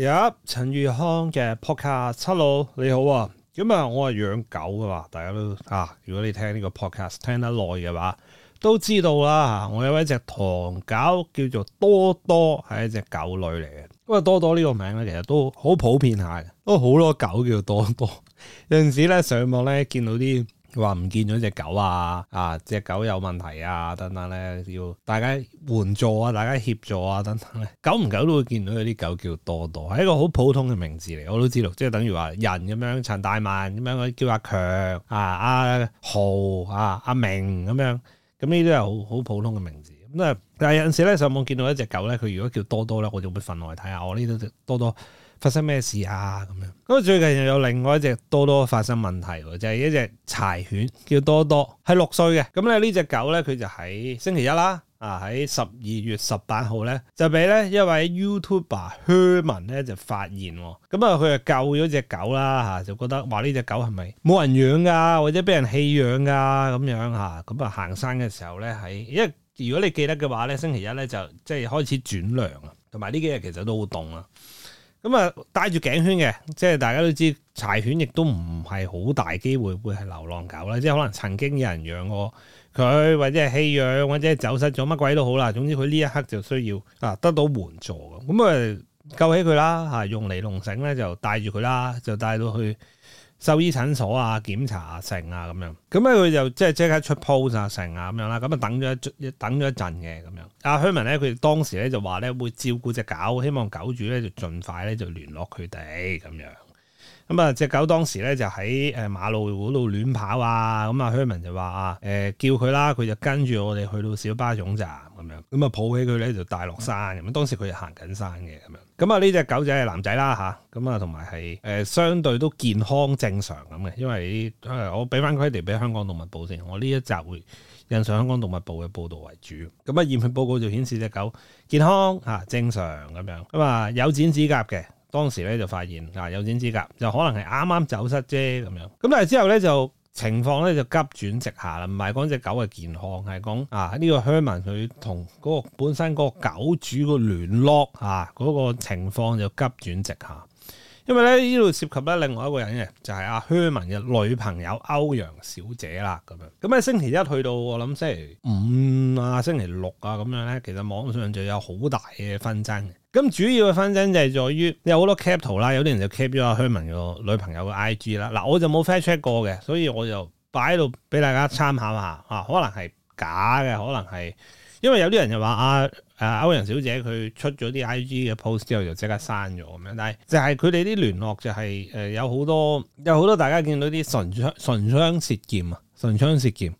有陳宇康嘅 podcast 七佬，你好啊！咁啊，我係養狗噶嘛，大家都啊，如果你聽呢個 podcast 聽得耐嘅話，都知道啦。我有一隻唐狗叫做多多，係一隻狗類嚟嘅。不過多多呢個名咧，其實都好普遍下嘅，都好多狗叫多多。 有陣時咧，上網咧見到啲。話唔見咗隻狗啊！啊，隻狗有問題啊，等等咧要大家援助啊，大家協助啊，等等咧，久唔久都會見到有啲狗叫多多，係一個好普通嘅名字嚟，我都知道，即係等於話人咁樣陳大文咁樣，叫阿強啊、阿豪啊、阿、啊啊啊、明咁樣，咁呢啲係好好普通嘅名字。咁啊，但係有陣時咧上網見到一隻狗咧，佢如果叫多多咧，我就會分外睇下，我呢度多多。發生咩事啊？咁樣咁啊！最近又有另外一隻多多發生問題，就係一隻柴犬叫多多，係六歲嘅。咁咧呢隻狗咧，佢就喺星期一啦，啊喺十二月十八號咧，就俾咧一位 YouTuber Herman 咧就發現，咁啊佢就救咗隻狗啦，吓就覺得話呢隻狗係咪冇人養噶，或者俾人棄養噶咁樣吓？咁啊行山嘅時候咧，喺因為如果你記得嘅話咧，星期一咧就即係開始轉涼啊，同埋呢幾日其實都好凍啊。咁啊，戴住頸圈嘅，即係大家都知柴犬亦都唔係好大機會會係流浪狗啦，即係可能曾經有人養過佢，或者係棄養，或者係走失咗，乜鬼都好啦。總之佢呢一刻就需要啊得到援助嘅，咁啊救起佢啦，嚇、啊、用尼龍繩咧就帶住佢啦，就帶到去。獸醫診所啊，檢查啊、成啊，咁樣，咁咧佢就即係即刻出 post 啊，成啊，咁樣啦，咁啊等咗一等咗一陣嘅，咁樣。阿許文咧，佢當時咧就話咧會照顧隻狗，希望狗主咧就盡快咧就聯絡佢哋，咁樣。咁啊，隻狗當時咧就喺誒馬路嗰度亂跑啊！咁啊，Herman 就話啊，誒、呃、叫佢啦，佢就跟住我哋去到小巴總站。咁樣。咁啊，抱起佢咧就帶落山咁。當時佢就行緊山嘅咁樣。咁啊，呢隻狗仔係男仔啦吓，咁、呃、啊，同埋係誒相對都健康正常咁嘅，因為我俾翻佢哋俾香港動物報先。我呢一集會印上香港動物報嘅報導為主。咁啊，驗血報告就顯示隻狗健康嚇、啊、正常咁樣。咁啊，有剪指甲嘅。當時咧就發現啊，有錢資格就可能係啱啱走失啫咁樣。咁但係之後咧就情況咧就急轉直下啦，唔係講隻狗嘅健康，係講啊呢、這個鄉民佢同嗰本身嗰個狗主嘅聯絡啊嗰，這個情況就急轉直下。因為咧呢度涉及咧另外一個人嘅，就係、是、阿 Herman 嘅女朋友歐陽小姐啦，咁樣咁喺星期一去到我諗星期五啊星期六啊咁樣咧，其實網上就有好大嘅紛爭嘅。咁主要嘅紛爭就係在於有好多 cap 圖啦，有啲人就 cap 咗阿 Herman 嘅女朋友嘅 IG 啦。嗱，我就冇 fact check 過嘅，所以我就擺喺度俾大家參考下啊，可能係假嘅，可能係。因為有啲人就話啊，誒、啊、歐陽小姐佢出咗啲 I G 嘅 post 之後就即刻刪咗咁樣，但係就係佢哋啲聯絡就係、是、誒、呃、有好多有好多大家見到啲唇槍唇槍舌劍啊，唇槍舌劍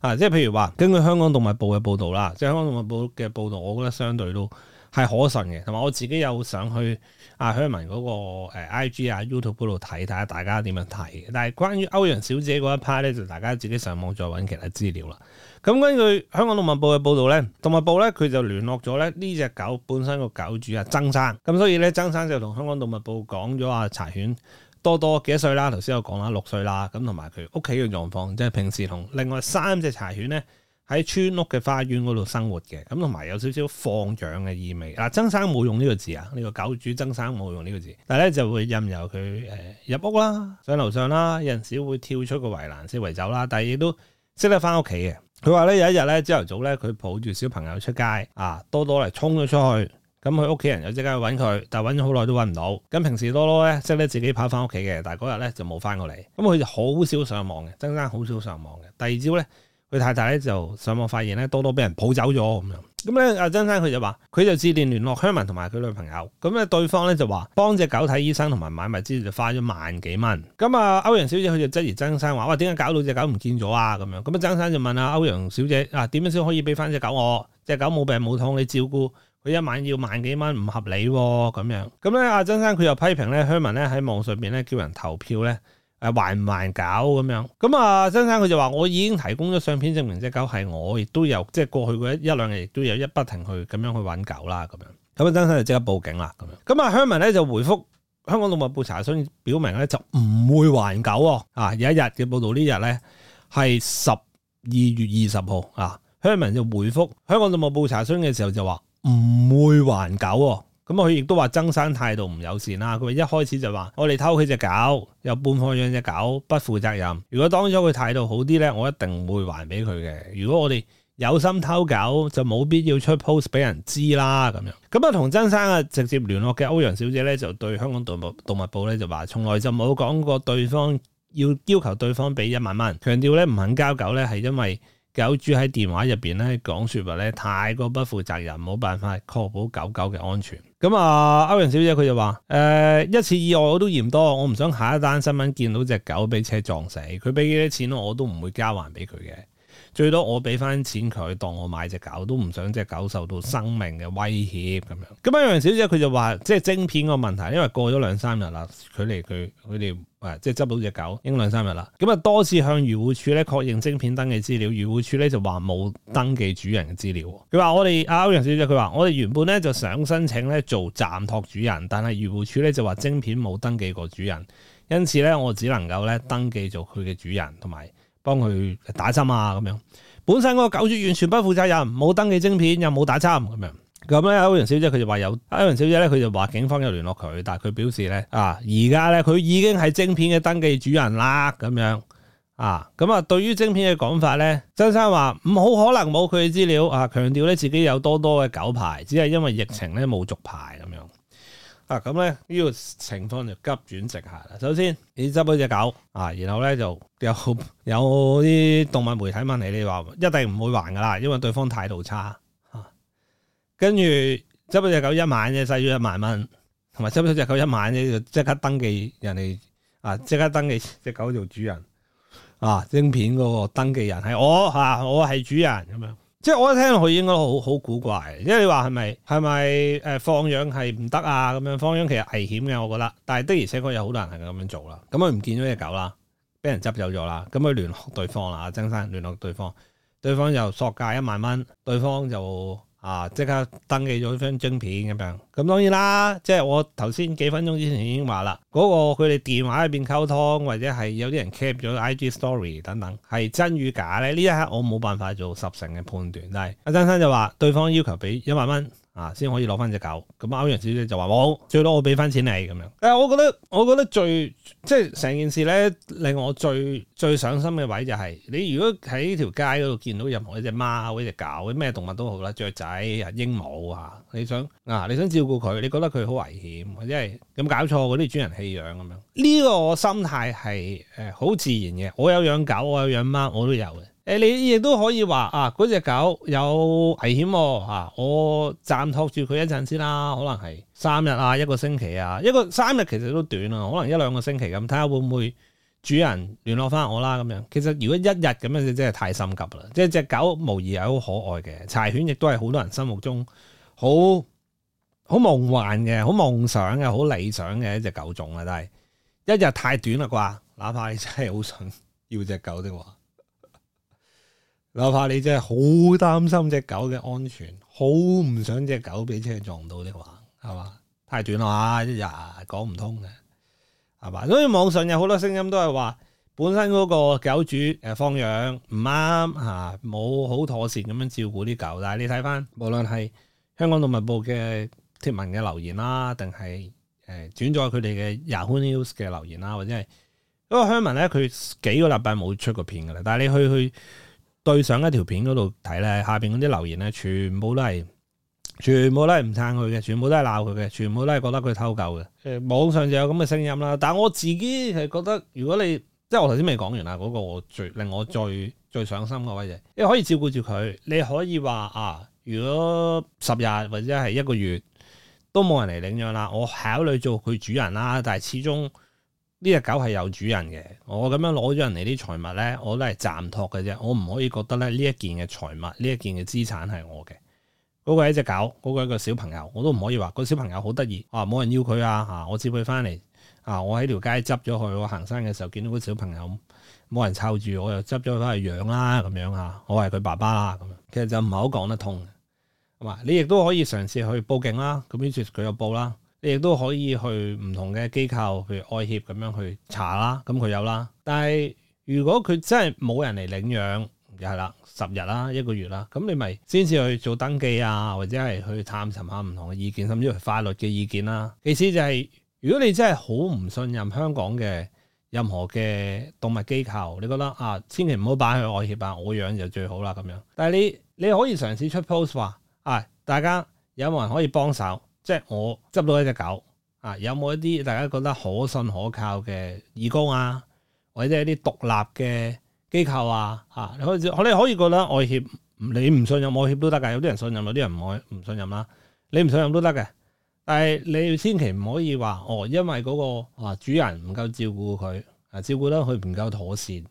啊，即係譬如話根據香港動物報嘅報道啦，即係香港動物報嘅報道，我覺得相對都係可信嘅，同埋我自己又想去阿香文嗰個 IG 啊 YouTube 嗰度睇，睇下大家點樣睇。但係關於歐陽小姐嗰一 part 咧，就大家自己上網再揾其他資料啦。咁根據香港動物報嘅報導咧，動物報咧佢就聯絡咗咧呢隻狗本身個狗主啊曾生，咁所以咧曾生就同香港動物報講咗啊柴犬多多幾多歲啦？頭先我講啦六歲啦，咁同埋佢屋企嘅狀況，即係平時同另外三隻柴犬咧。喺村屋嘅花園嗰度生活嘅，咁同埋有少少放養嘅意味。嗱，曾生冇用呢個字啊，呢、這個狗主曾生冇用呢個字，但係咧就會任由佢誒、呃、入屋啦，上樓上啦，有陣時會跳出個圍欄四圍走啦，但係亦都識得翻屋企嘅。佢話咧有一日咧朝頭早咧，佢抱住小朋友出街，啊多多嚟衝咗出去，咁佢屋企人又即刻去揾佢，但係揾咗好耐都揾唔到。咁平時多多咧識得自己跑翻屋企嘅，但係嗰日咧就冇翻過嚟。咁佢就好少上網嘅，曾生好少上網嘅。第二朝咧。佢太太咧就上網發現咧多多俾人抱走咗咁樣，咁咧阿曾生佢就話佢就致電聯絡鄉民同埋佢女朋友，咁咧對方咧就話幫隻狗睇醫生同埋買埋之後就花咗萬幾蚊，咁啊歐陽小姐佢就質疑曾生話哇點解搞到隻狗唔見咗啊咁樣，咁啊曾生就問阿歐陽小姐啊點樣先可以俾翻隻狗我？隻狗冇病冇痛，你照顧佢一晚要萬幾蚊唔合理咁、哦、樣，咁咧阿曾生佢又批評咧鄉民咧喺網上邊咧叫人投票咧。誒，還唔還狗咁樣？咁啊，曾生佢就話我已經提供咗相片證明隻狗係我，亦都有即係過去嗰一兩日亦都有一不停去咁樣去搵狗啦咁樣。咁啊，曾生就即刻報警啦咁樣。咁啊，鄉民咧就回覆香港動物報查詢，表明咧就唔會還狗哦。啊，有一日嘅報道呢日咧係十二月二十號啊，鄉民就回覆香港動物報查詢嘅時候就話唔會還狗哦。咁佢亦都話曾生態度唔友善啦。佢一開始就話：我哋偷佢隻狗，又半放養隻狗，不負責任。如果當初佢態度好啲咧，我一定會還俾佢嘅。如果我哋有心偷狗，就冇必要出 post 俾人知啦。咁樣咁啊，同曾生啊直接聯絡嘅歐陽小姐咧，就對香港動物動物報咧就話：從來就冇講過對方要要求對方俾一萬蚊，強調咧唔肯交狗咧係因為狗主喺電話入邊咧講説話咧，太過不負責任，冇辦法確保狗狗嘅安全。咁啊、嗯，歐陽小姐佢就話：誒、呃，一次意外我都嫌多，我唔想下一單新聞見到隻狗俾車撞死，佢俾幾多錢我都唔會交還俾佢嘅。最多我俾翻錢佢當我買隻狗，都唔想隻狗受到生命嘅威脅咁樣。咁阿歐陽小姐佢就話，即係晶片個問題，因為過咗兩三日啦，距離佢佢哋誒，即係執到隻狗，已經兩三日啦。咁啊多次向漁護署咧確認晶片登記資料，漁護署咧就話冇登記主人嘅資料。佢話我哋阿歐陽小姐佢話，我哋原本咧就想申請咧做暫託主人，但係漁護署咧就話晶片冇登記過主人，因此咧我只能夠咧登記做佢嘅主人同埋。幫佢打針啊，咁樣，本身嗰個狗主完全不負責任，冇登記晶片又冇打針咁樣，咁咧歐陽小姐佢就話有，歐陽小姐咧佢就話警方有聯絡佢，但係佢表示咧啊，而家咧佢已經係晶片嘅登記主人啦，咁樣啊，咁啊對於晶片嘅講法咧，曾生話唔好可能冇佢資料啊，強調咧自己有多多嘅狗牌，只係因為疫情咧冇續牌咁樣。啊，咁咧呢，這個情況就急轉直下啦。首先，你執咗隻狗，啊，然後咧就有有啲動物媒體問你，你話一定唔會還噶啦，因為對方態度差。吓、啊，跟住執咗隻狗一晚啫，使咗一萬蚊，同埋執咗隻狗一晚啫，就即刻登記人哋，啊，即刻登記隻狗做主人。啊，晶片嗰個登記人係我，吓、啊，我係主人咁樣。即係我一聽落去應該好好古怪，因為你話係咪係咪誒放養係唔得啊？咁樣放養其實危險嘅，我覺得。但係的而且確有好多人係咁樣做啦。咁佢唔見咗隻狗啦，俾人執走咗啦。咁佢聯絡對方啦，曾生聯絡對方，對方就索價一萬蚊，對方就。啊！即刻登記咗張晶片咁樣，咁當然啦，即係我頭先幾分鐘之前已經話啦，嗰個佢哋電話入邊溝通，或者係有啲人 keep 咗 IG story 等等，係真與假咧？呢一刻我冇辦法做十成嘅判斷，但係阿張生就話對方要求俾一萬蚊。啊，先可以攞翻隻狗。咁歐陽小姐就話：冇、哦，最多我俾翻錢你咁樣。誒、呃，我覺得，我覺得最即係成件事咧，令我最最上心嘅位就係、是，你如果喺條街嗰度見到任何一隻貓、一隻狗、咩動物都好啦，雀仔、鸚鵡啊，你想啊，你想照顧佢，你覺得佢好危險，或者係咁搞錯嗰啲主人棄養咁樣，呢、這個我心態係誒好自然嘅。我有養狗，我有養貓，我都有嘅。誒，你亦都可以話啊，嗰隻狗有危險喎吓，我暫託住佢一陣先啦，可能係三日啊，一個星期啊，一個三日其實都短啊。可能一兩個星期咁、啊，睇下會唔會主人聯絡翻我啦咁樣。其實如果一日咁樣，真係太心急啦。即係隻狗無疑係好可愛嘅，柴犬亦都係好多人心目中好好夢幻嘅、好夢想嘅、好理想嘅一隻狗種啦、啊。但係一日太短啦啩，哪怕你真係好想要隻狗的話。我怕你真係好擔心隻狗嘅安全，好唔想隻狗俾車撞到嘅話，係嘛？太短啦嘛，一日講唔通嘅，係嘛？所以網上有好多聲音都係話，本身嗰個狗主誒放養唔啱吓，冇、啊、好妥善咁樣照顧啲狗。但係你睇翻，無論係香港動物部嘅貼文嘅留言啦，定係誒轉載佢哋嘅 Yahoo News 嘅留言啦，或者係嗰個鄉民咧，佢幾個禮拜冇出過片㗎啦。但係你去去。對上一條片嗰度睇咧，下邊嗰啲留言咧，全部都係，全部都係唔撐佢嘅，全部都係鬧佢嘅，全部都係覺得佢偷狗嘅。誒、呃，網上就有咁嘅聲音啦。但係我自己係覺得，如果你即係我頭先未講完啦，嗰、那個我最令我最最上心嗰位嘢，你可以照顧住佢，你可以話啊，如果十日或者係一個月都冇人嚟領養啦，我考慮做佢主人啦。但係始終。呢隻狗係有主人嘅，我咁樣攞咗人哋啲財物咧，我都係暫託嘅啫，我唔可以覺得咧呢一件嘅財物，呢一件嘅資產係我嘅。嗰、那個係隻狗，嗰、那個係個小朋友，我都唔可以話、那個小朋友好得意啊，冇人要佢啊，嚇我接佢翻嚟啊，我喺條、啊、街執咗佢，我行山嘅時候見到個小朋友冇人湊住，我又執咗佢翻去養啦、啊，咁樣啊，我係佢爸爸咁、啊、樣，其實就唔係好講得通嘅。咁啊，你亦都可以嘗試去報警啦。咁於是佢又報啦。你亦都可以去唔同嘅機構，譬如愛協咁樣去查啦，咁佢有啦。但係如果佢真係冇人嚟領養就係啦，十日啦，一個月啦，咁你咪先至去做登記啊，或者係去探尋下唔同嘅意見，甚至乎法律嘅意見啦。其次就係如果你真係好唔信任香港嘅任何嘅動物機構，你覺得啊，千祈唔好擺去愛協啊，我養就最好啦咁樣。但係你你可以嘗試出 post 話啊，大家有冇人可以幫手？即係我執到一隻狗啊，有冇一啲大家覺得可信可靠嘅義工啊，或者一啲獨立嘅機構啊？嚇你可以，我你可以覺得愛協，你唔信任愛協都得㗎，有啲人信任，有啲人唔愛唔信任啦，你唔信任都得嘅，但係你要千祈唔可以話哦，因為嗰個啊主人唔夠照顧佢啊，照顧得佢唔夠妥善。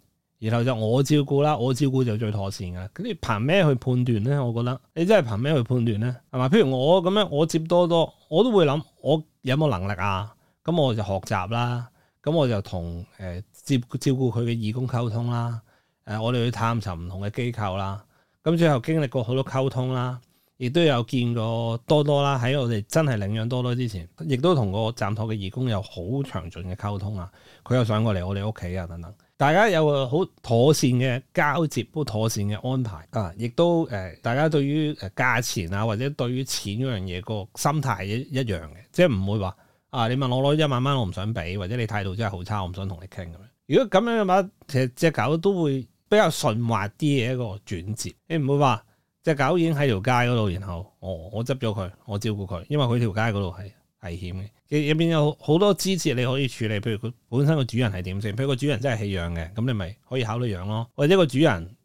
然後就我照顧啦，我照顧就最妥善㗎。咁你憑咩去判斷咧？我覺得你真係憑咩去判斷咧？係嘛？譬如我咁樣，我接多多，我都會諗我有冇能力啊？咁、嗯、我就學習啦，咁、嗯、我就同誒、呃、照照顧佢嘅義工溝通啦。誒、呃，我哋去探尋唔同嘅機構啦。咁、嗯、最後經歷過好多溝通啦，亦都有見過多多啦。喺我哋真係領養多多之前，亦都同個暫託嘅義工有好詳盡嘅溝通啊。佢又上過嚟我哋屋企啊，等等。大家有個好妥善嘅交接，好妥善嘅安排啊！亦都誒，欸、大家對於誒價錢啊，或者對於錢嗰樣嘢，個心態一一樣嘅，即係唔會話啊，你問我攞一萬蚊，媽媽我唔想俾，或者你態度真係好差，我唔想同你傾咁樣。如果咁樣嘅話，其實隻狗都會比較順滑啲嘅一個轉折。你、欸、唔會話隻狗已經喺條街嗰度，然後、哦、我我執咗佢，我照顧佢，因為佢條街嗰度係，危險嘅，入邊有好多知識你可以處理，譬如佢本身個主人係點先，譬如個主人真係棄養嘅，咁你咪可以考慮養咯，或者個主人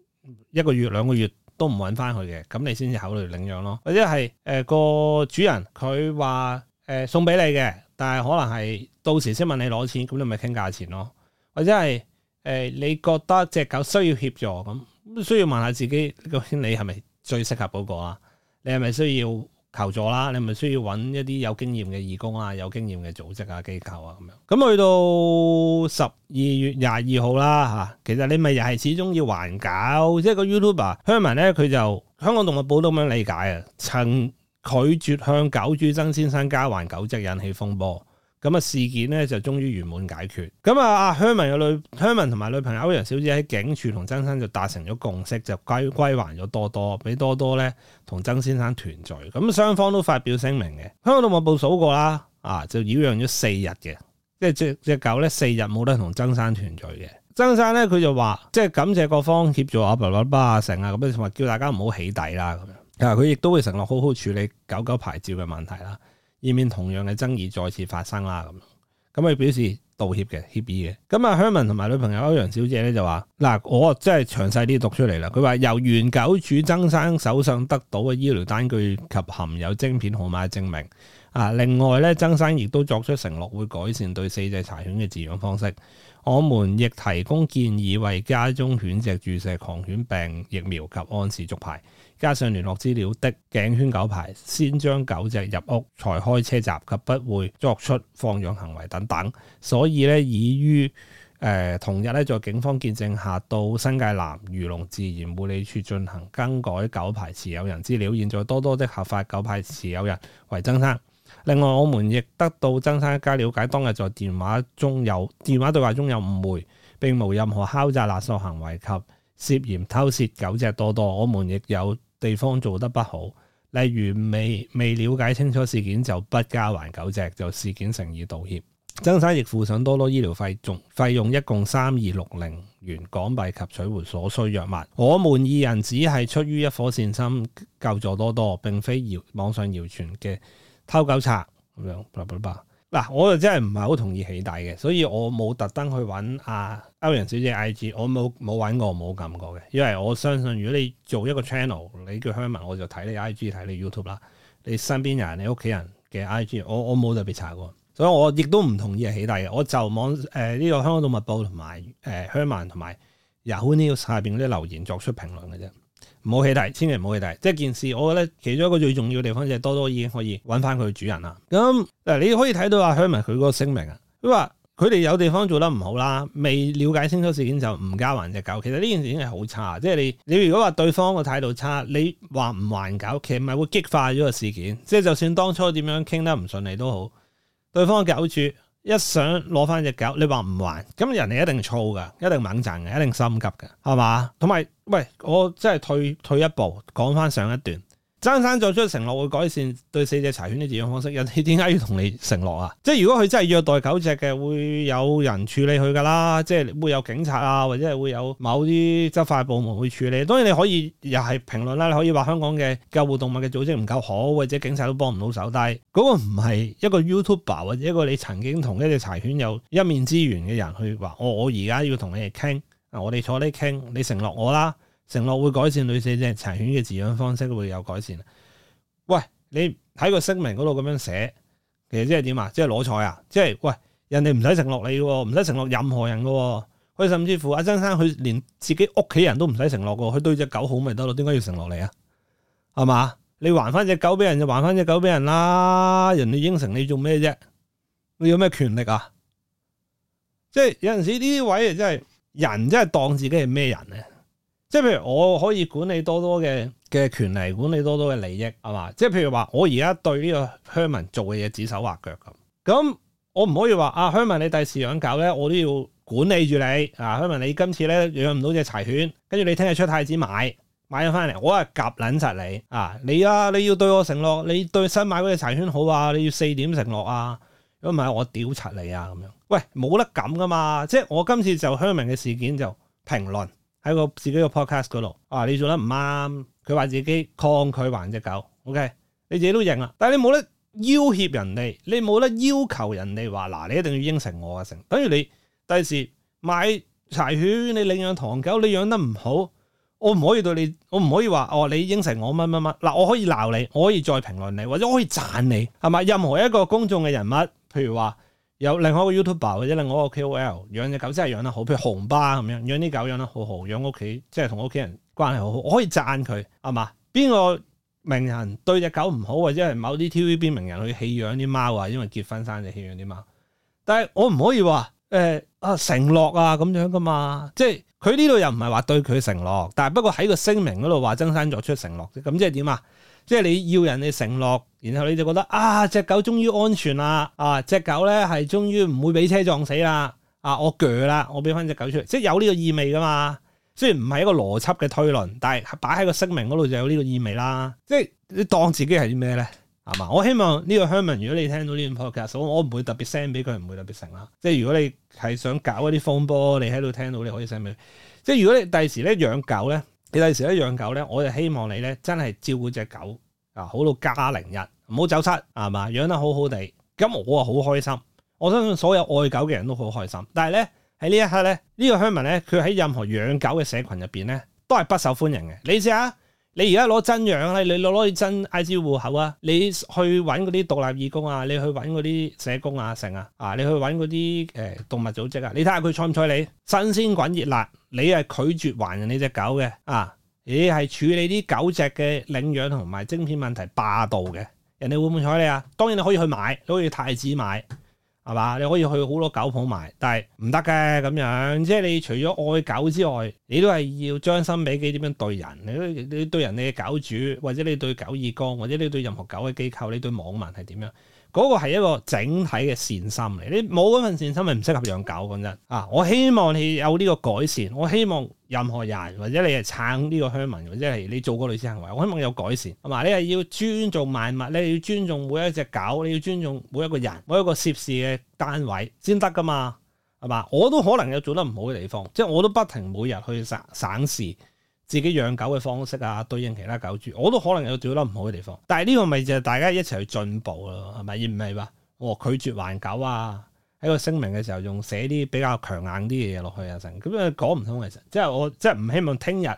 一個月兩個月都唔揾翻佢嘅，咁你先至考慮領養咯，或者係誒個主人佢話誒送俾你嘅，但係可能係到時先問你攞錢，咁你咪傾價錢咯，或者係誒、呃、你覺得隻狗需要協助咁，需要問下自己個心，你係咪最適合嗰個啊？你係咪需要？求助啦，你咪需要揾一啲有經驗嘅義工啊，有經驗嘅組織啊、機構啊咁樣。咁去到十二月廿二號啦嚇，其實你咪又係始終要還狗，即係個 YouTuber 香港人呢，佢就香港動物報都咁樣理解啊，曾拒絕向狗主曾先生交還狗隻，引起風波。咁啊事件咧就終於圓滿解決。咁啊阿香文嘅女，香文同埋女朋友歐陽小姐喺警署同曾生就達成咗共識，就歸歸還咗多多，俾多多咧同曾先生團聚。咁雙方都發表聲明嘅。香港動物報數過啦，啊就擾攘咗四日嘅，即係只隻狗咧四日冇得同曾生團聚嘅。曾生咧佢就話即係感謝各方協助阿爸爸爸阿成啊咁樣，同埋叫大家唔好起底啦咁樣。啊佢亦都會承諾好好處理狗狗牌照嘅問題啦。以免同樣嘅爭議再次發生啦，咁咁佢表示道歉嘅歉意嘅。咁啊，香文同埋女朋友歐陽小姐咧就話：嗱，我即係詳細啲讀出嚟啦。佢話由原狗主曾生手上得到嘅醫療單據及含有晶片號碼嘅證明啊。另外咧，曾生亦都作出承諾會改善對四隻柴犬嘅飼養方式。我們亦提供建議，為家中犬隻注射狂犬病疫苗及按時續牌，加上聯絡資料的頸圈狗牌，先將狗隻入屋，才開車閘及不會作出放養行為等等。所以咧，已於誒、呃、同日咧，在警方見證下到新界南漁農自然護理處進行更改狗牌持有人資料。現在多多的合法狗牌持有人為曾生。另外，我們亦得到曾生一家了解，當日在電話中有電話對話中有誤會，並無任何敲詐勒索行為及涉嫌偷竊狗隻多多。我們亦有地方做得不好，例如未未了解清楚事件就不交還狗隻，就事件誠意道歉。曾生亦付上多多醫療費，總費用一共三二六零元港幣及取回所需藥物。我們二人只係出於一顆善心救助多多，並非謠網上謠傳嘅。偷狗賊咁樣，嗱，我就真係唔係好同意起底嘅，所以我冇特登去揾阿歐陽小姐 I G，我冇冇揾過，冇撳過嘅，因為我相信如果你做一個 channel，你叫香文，我就睇你 I G 睇你 YouTube 啦，你身邊人、你屋企人嘅 I G，我我冇特別查過，所以我亦都唔同意係起底嘅，我就網誒呢、呃這個香港動物報同埋誒香文同埋 Yahoo News 下邊啲留言作出評論嘅啫。唔好起底，千祈唔好起底。即係件事，我覺得其中一個最重要嘅地方就係多多已經可以揾翻佢嘅主人啦。咁、嗯、嗱，你可以睇到阿香文佢嗰個聲明啊，佢話佢哋有地方做得唔好啦，未了解清楚事件就唔交還隻狗，其實呢件事已經係好差。即係你，你如果話對方個態度差，你話唔還狗，其實咪會激化咗個事件。即係就算當初點樣傾得唔順利都好，對方嘅狗主。一想攞返隻狗，你話唔還？咁人哋一定躁㗎，一定掹憎㗎，一定心急㗎，係嘛？同埋，喂，我即係退，退一步，講返上一段。張生作出承諾會改善對四隻柴犬嘅飼養方式，人哋點解要同你承諾啊？即係如果佢真係虐待狗隻嘅，會有人處理佢噶啦，即係會有警察啊，或者係會有某啲執法部門去處理。當然你可以又係評論啦，你可以話香港嘅救護動物嘅組織唔夠好，或者警察都幫唔到手。但係嗰個唔係一個 YouTuber 或者一個你曾經同一隻柴犬有一面之緣嘅人去話，oh，我我而家要同你哋傾，我哋坐呢傾，你承諾我啦。承諾會改善，女仔即係柴犬嘅飼養方式會有改善。喂，你喺個聲明嗰度咁樣寫，其實即係點啊？即係攞彩啊？即係喂，人哋唔使承諾你嘅，唔使承諾任何人嘅。佢甚至乎阿曾生佢連自己屋企人都唔使承諾嘅，佢對隻狗好咪得咯？點解要承諾你啊？係嘛？你還翻隻狗俾人就還翻隻狗俾人啦，人哋應承你做咩啫？你有咩權力啊？即係有陣時呢啲位啊，真係人真係當自己係咩人咧？即係譬如我可以管理多多嘅嘅權利，管理多多嘅利益，係嘛？即係譬如話我而家對呢個鄉民做嘅嘢指手畫腳咁，咁我唔可以話啊鄉民你第時養狗咧，我都要管理住你啊鄉民，你今次咧養唔到隻柴犬，跟住你聽日出太子買買咗翻嚟，我係夾捻實你啊，你啊，你要對我承諾，你對新買嗰隻柴犬好啊，你要四點承諾啊，如果唔係我屌柒你啊咁樣。喂，冇得咁噶嘛，即係我今次就鄉民嘅事件就評論。喺個自己個 podcast 嗰度，啊，你做得唔啱，佢話自己抗拒還隻狗，OK，你自己都認啦，但係你冇得要挾人哋，你冇得要求人哋話嗱，你一定要應承我啊，成，等於你第時買柴犬，你領養唐狗，你養得唔好，我唔可以對你，我唔可以話哦，你應承我乜乜乜，嗱，我可以鬧你，我可以再評論你，或者我可以讚你，係咪？任何一個公眾嘅人物，譬如話。有另外一個 YouTuber 或者另外一個 KOL 養隻狗真係養得好，譬如熊巴咁樣，養啲狗養得好好，養屋企，即係同屋企人關係好好，我可以贊佢係嘛？邊個名人對隻狗唔好，或者係某啲 TVB 名人去棄養啲貓啊？因為結婚生仔棄養啲貓，但係我唔可以話誒、呃、啊承諾啊，咁樣噶嘛？即係佢呢度又唔係話對佢承諾，但係不過喺個聲明嗰度話曾生作出承諾啫，咁即係點啊？即係你要人哋承諾，然後你就覺得啊，隻狗終於安全啦，啊，隻狗咧係終於唔會俾車撞死啦，啊，我鋸啦，我俾翻隻狗出嚟，即係有呢個意味噶嘛。雖然唔係一個邏輯嘅推論，但係擺喺個聲明嗰度就有呢個意味啦。即係你當自己係啲咩咧？係嘛？我希望呢個鄉民，如果你聽到呢段 p o 我唔會特別 send 俾佢，唔會特別成啦。即係如果你係想搞一啲風波，你喺度聽到，你可以 send 俾。即係如果你第時咧養狗咧。你第時咧養狗咧，我就希望你咧真係照顧隻狗啊，好到家零日，唔好走失，係嘛？養得好好地，咁、嗯、我啊好開心。我相信所有愛狗嘅人都好開心。但係咧喺呢一刻咧，這個、呢個鄉民咧，佢喺任何養狗嘅社群入邊咧都係不受歡迎嘅。你試下，你而家攞真養啦，你攞攞去真 IG 戶口啊，你去揾嗰啲獨立義工啊，你去揾嗰啲社工啊成啊，啊你去揾嗰啲誒動物組織啊，你睇下佢睬唔睬你？新鮮滾熱辣！你係拒絕還人你隻狗嘅，啊，你係處理啲狗隻嘅領養同埋晶片問題霸道嘅，人哋會唔會睬你啊？當然你可以去買，你可以太子買，係嘛，你可以去好多狗鋪買但係唔得嘅咁樣，即係你除咗愛狗之外，你都係要將心比己，點樣對人？你你對人哋嘅狗主，或者你對狗義工，或者你對任何狗嘅機構，你對網民係點樣？嗰個係一個整體嘅善心嚟，你冇嗰份善心咪唔適合養狗，講真，啊！我希望你有呢個改善，我希望任何人或者你係撐呢個鄉民，或者係你做嗰類嘅行為，我希望有改善。同埋你係要尊重萬物，你要尊重每一隻狗，你要尊重每一個人，每一個涉事嘅單位先得噶嘛，係嘛？我都可能有做得唔好嘅地方，即係我都不停每日去省省事。自己養狗嘅方式啊，對應其他狗主，我都可能有做得唔好嘅地方。但係呢個咪就係大家一齊去進步咯，係咪？而唔係話我拒絕還狗啊，喺個聲明嘅時候用寫啲比較強硬啲嘅嘢落去啊，成咁樣講唔通其實。即係我即係唔希望聽日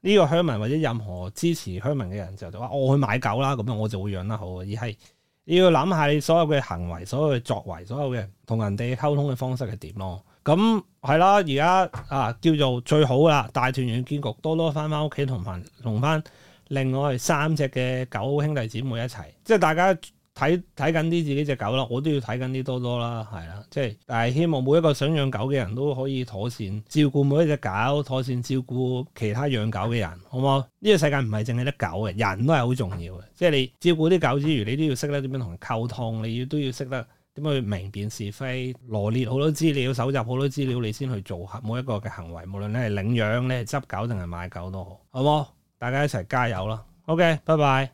呢個鄉民或者任何支持鄉民嘅人就話，哦，我去買狗啦，咁樣我就會養得好。而係你要諗下你所有嘅行為、所有嘅作為、所有嘅同人哋溝通嘅方式係點咯。咁係啦，而家、嗯、啊叫做最好啦，大團圓結局，多多翻翻屋企同埋同翻另外三隻嘅狗兄弟姐妹一齊，即係大家睇睇緊啲自己隻狗啦，我都要睇緊啲多多啦，係啦，即係，但係希望每一個想養狗嘅人都可以妥善照顧每一隻狗，妥善照顧其他養狗嘅人，好唔好？呢個世界唔係淨係得狗嘅，人都係好重要嘅，即係你照顧啲狗之餘，你都要識得點樣同人溝通，你要都要識得。點樣去明辨是非。羅列好多資料，搜集好多資料，你先去做每一個嘅行為。無論你係領養，你係執狗定係買狗都好，好冇？大家一齊加油啦！OK，拜拜。